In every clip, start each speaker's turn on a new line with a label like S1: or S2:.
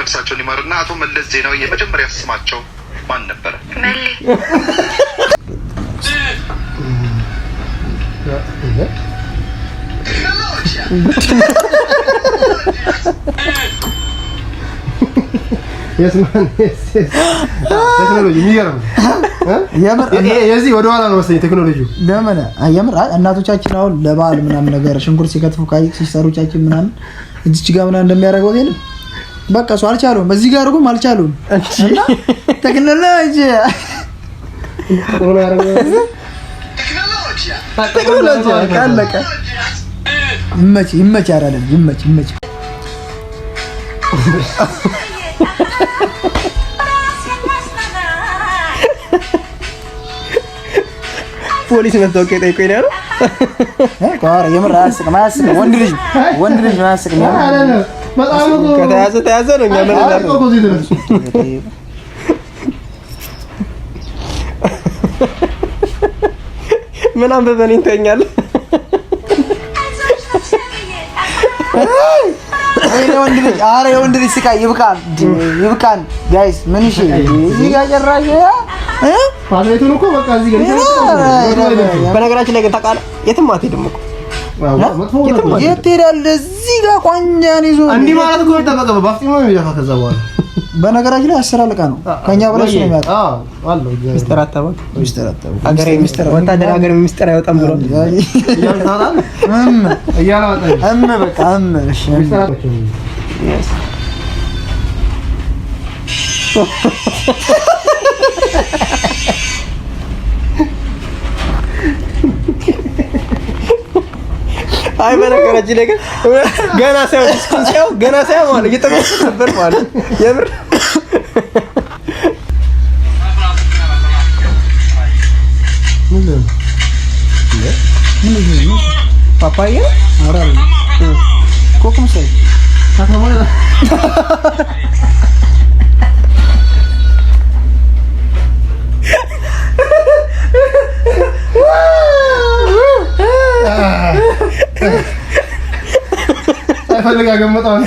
S1: ነፍሳቸውን እና አቶ መለስ ዜናዊ የመጀመሪያ ስማቸው ማን ነበረ?
S2: ቴክኖሎጂ ወደ ኋላ ነው መሰለኝ ቴክኖሎጂ።
S3: ለምን የምር እናቶቻችን አሁን ለበዓል ምናምን ነገር ሽንኩርት ሲከትፉ ካይ ሲሰሩቻችን ምናምን እዚች ጋ ምናምን እንደሚያደርገው የለም በቃ እሱ አልቻለሁም። በዚህ ጋር አድርጎም አልቻለሁም። ቴክኖሎጂ ቴክኖሎጂ አለቀ። ይመች ይመች አይደለም ይመች ይመች
S2: ፖሊስ መታወቂያ ጠይቆኝ ነው።
S3: የምር አያስቅም፣ አያስቅም። ወንድ ልጅ ወንድ ልጅ አያስቅም።
S2: ከተያዘ ተያዘ ነው። እኛ ምን እናድርግ? ምን አንብበን እንተኛለን?
S3: አረ የወንድ ልጅ ስቃይ ይብቃን፣ ይብቃን ጋይስ። ምን እሺ፣ እዚህ ጋር ጨራሽ በነገራችን ላይ ግን ታውቃለህ፣ የትም አትሄድም እኮ የት ትሄዳለህ? እዚህ ጋር ቋንጃን ይዞ
S2: እንዲህ ማለት እኮ ይጠበቀበ ባፍጢሞ የሚደፋ። ከዛ በኋላ
S3: በነገራችን ላይ አስር አለቃ ነው ከእኛ በላይ ሚስጥር ሚስጥር አይወጣም ብሎ
S2: Ai, mas agora de nega. Gana céu, céu, gana céu, mano. Aqui também é super, mano. Lembra?
S3: Meu Deus. Que é? Meu Deus. Papai é? Maravilha. Ficou como sei? Tá com a mão
S2: saya pada gak on.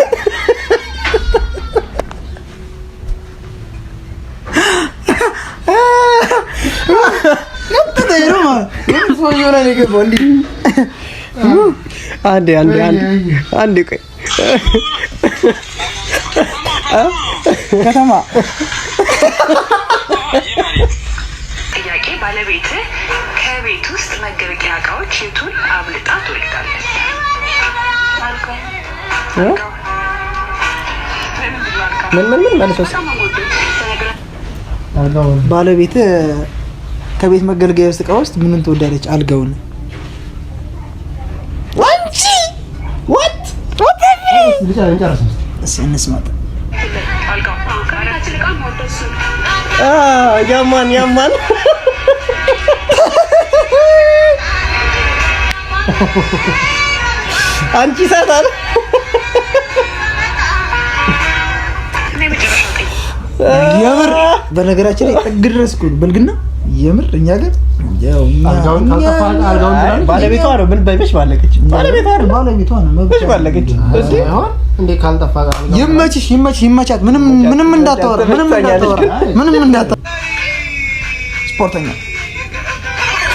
S3: Ngapain tuh ya mah? Ini semua jualan ini ke Bondi. Ande, ande, ande, iya, iya, iya. ande mak. ባለቤት ከቤት ውስጥ መገበቂያ እቃዎች የቱን አብልጣ ትወልዳለች? ምን ምን ምን ከቤት መገልገያ ውስጥ እቃ ውስጥ ምንን ትወዳለች? አልጋውን ወንጂ ወት ያማን ያማን አንቺ ሰዓት አለ የምር በነገራችን ላይ ጥግ ድረስ እኮ ብልግና የምር እኛ ጋር ይመችሽ፣ ይመችሽ፣ ይመቻት። ምንም ምንም እንዳታወራ፣ ምንም እንዳታወራ፣ ምንም እንዳታወራ። ስፖርተኛ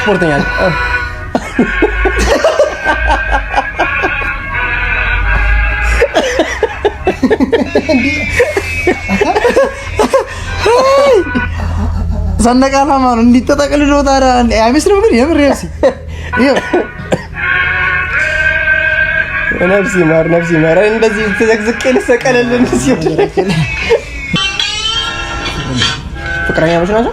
S3: ስፖርተኛ var. Ne Ne Saan nakalaman? Dito tayo kalulutan. Eh, Ne na mo ganyan, Reyes. Iyo. ነፍስ ይማር ነፍስ ይማር። እንደዚህ ተዘግዝቄ ልሰቀልልን ሲሆን ፍቅረኛሞች ናቸው።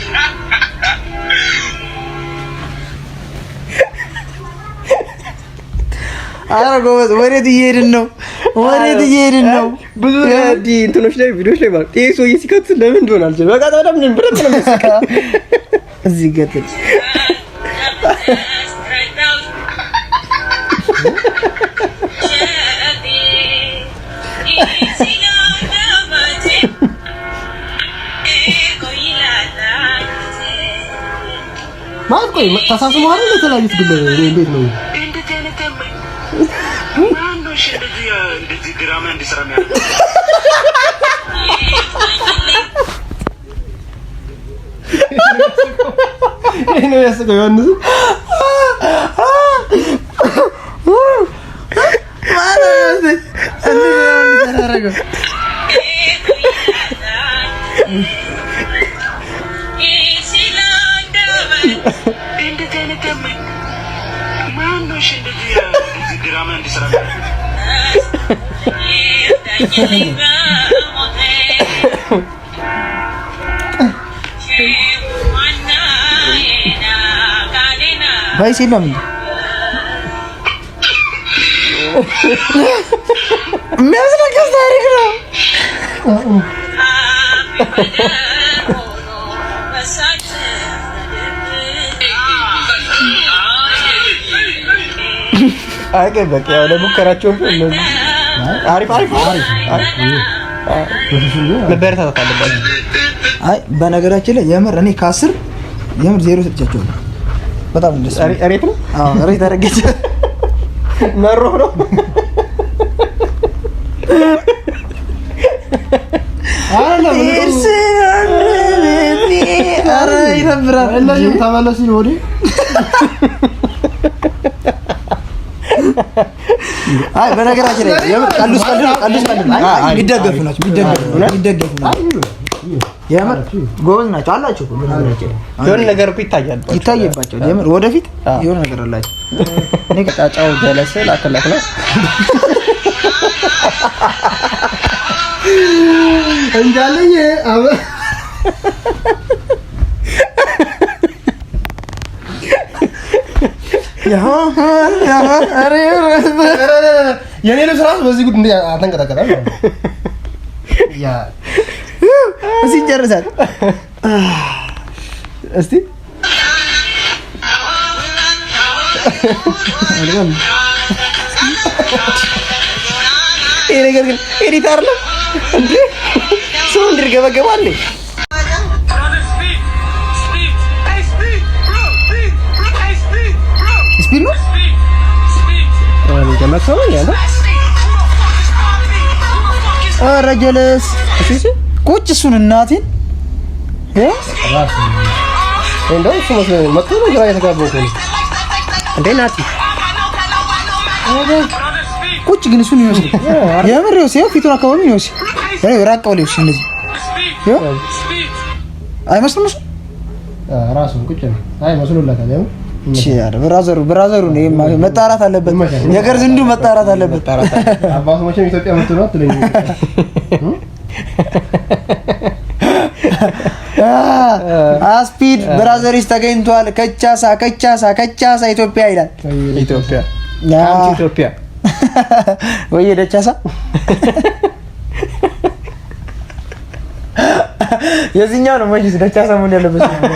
S3: አረ ጎበዝ፣ ወዴት እየሄድን ነው? ወዴት እየሄድን ነው?
S2: ብዙ ዲ እንትኖች ላይ ቪዲዮች ላይ ማለት ይሄ ሰውዬ ሲከት ለምን እንደሆነ አልችልም። በቃ ታዲያ ምን ነው
S3: እዚህ ገጥል ማለት ቆይ ተሳስሞ አይደል ለተለያዩት እንዴት ነው ነው እሺ፣ እንደዚህ ነው ያስቀው ዮሐንስ ቫይስ የለም የሚያስለቅስ ታሪክ ነው።
S2: አይ በቃ ያው ለሙከራቸው አሪፍ አሪፍ አሪፍ መበረታታት
S3: አይ በነገራችን ላይ የምር እኔ ከአስር የምር ዜሮ ሰጥቻቸው በጣም ደስ ሬት ነው። አዎ ሬት አደረገች
S2: መሮ ነው። ወዲህ
S3: አይ በነገራችን ላይ የምር ቀልስ ቀልስ አይ የሚደገፉ ናቸው የሚደገፉ ናቸው። ናቸው። የምር ጎበዝ ናቸው አላቸው።
S2: የሆነ ነገር እኮ ይታያል
S3: ይታይባቸዋል። የምር ወደፊት የሆነ ነገር አላቸው። እኔ ጫጫው ደለሰ ላከላክ ነው
S2: እንዳለኝ የኔ ስራ በዚህ ጉድ እንዴት አተንቀጠቀጠ እስቲ ጨርሳል። እስቲ
S3: ይሄ ነገር ግን ኤዲት አይደለም እንዴ? ሰው እንዲርገበገባ መከሩኝ ያለ ኧረ ጀለስ ቁጭ እሱን እናቴን
S2: እንደው እሱ መስሎኝ መጥቶ ነው ግራ የተጋባው እኮ
S3: እንደ ናቲ ቁጭ ግን እሱን ይወስድ የምር ይወስድ ፊቱን አካባቢ ይወስድ ራቅ ብለው ይወስድ እንደዚህ አይመስልም እሱ
S2: ራሱን ቁጭ ነው አይ መስሎላታል ያው
S3: ብራዘሩ ብራዘሩ ነው መጣራት አለበት። የገር ዝንዱ መጣራት አለበት።
S2: አባቱ መቼም ኢትዮጵያ ነው አትለኝም።
S3: አስፒድ ብራዘሪስ ተገኝቷል። ከቻሳ ከቻሳ ከቻሳ ኢትዮጵያ ይላል።
S2: ኢትዮጵያ ኢትዮጵያ
S3: ወይ ደቻሳ የዚህኛው ነው መቼስ ደቻሳ ምን ያለበት ነው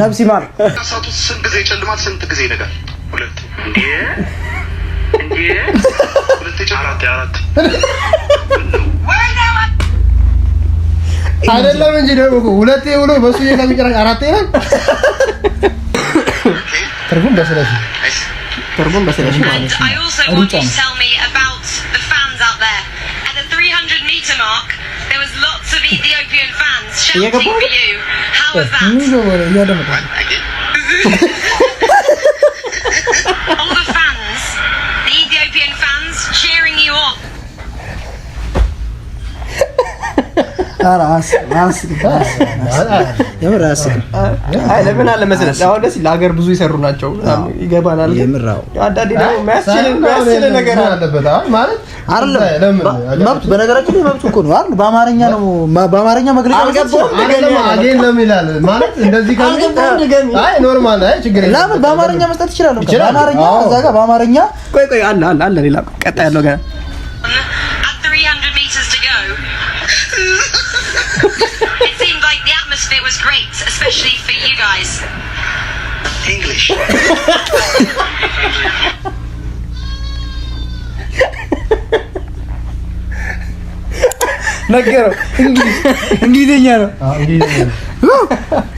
S3: ነብስ ይማር። ስንት ጊዜ ይጨልማል፣ ስንት ጊዜ ይነጋል? ሁለት አይደለም እንጂ ደግሞ ሁለቴ ብሎ በሱ ከሚጨራሽ አራቴ ይላል
S2: ትርጉም ደስ ይላል። And I also want you to tell me about the fans out there. At the 300 meter mark, there was lots of Ethiopian fans shouting for you. How was that? Eh,
S3: All the fans, the Ethiopian fans cheering you on. That's rahatsız. Rahatsız. Rahatsız. Valla.
S2: ለምን አለ መሰለህ አሁን ደስ ለሀገር ብዙ ይሰሩ ናቸው። ይገባናል። አንዳንዴ ደግሞ የሚያስችል ነገር አለበት
S3: ማለት መብት በነገራችን ላይ መብት እኮ ነው አይደል? በአማርኛ ነው በአማርኛ መግለጫ በአማርኛ መስጠት ይችላል? በአማርኛ ጋር በአማርኛ
S2: ቆይ ቆይ አለ አለ አለ ሌላ ቀጣ ያለው ገና
S4: was great, especially for you guys. English. nag Hindi, hindi din ah, hindi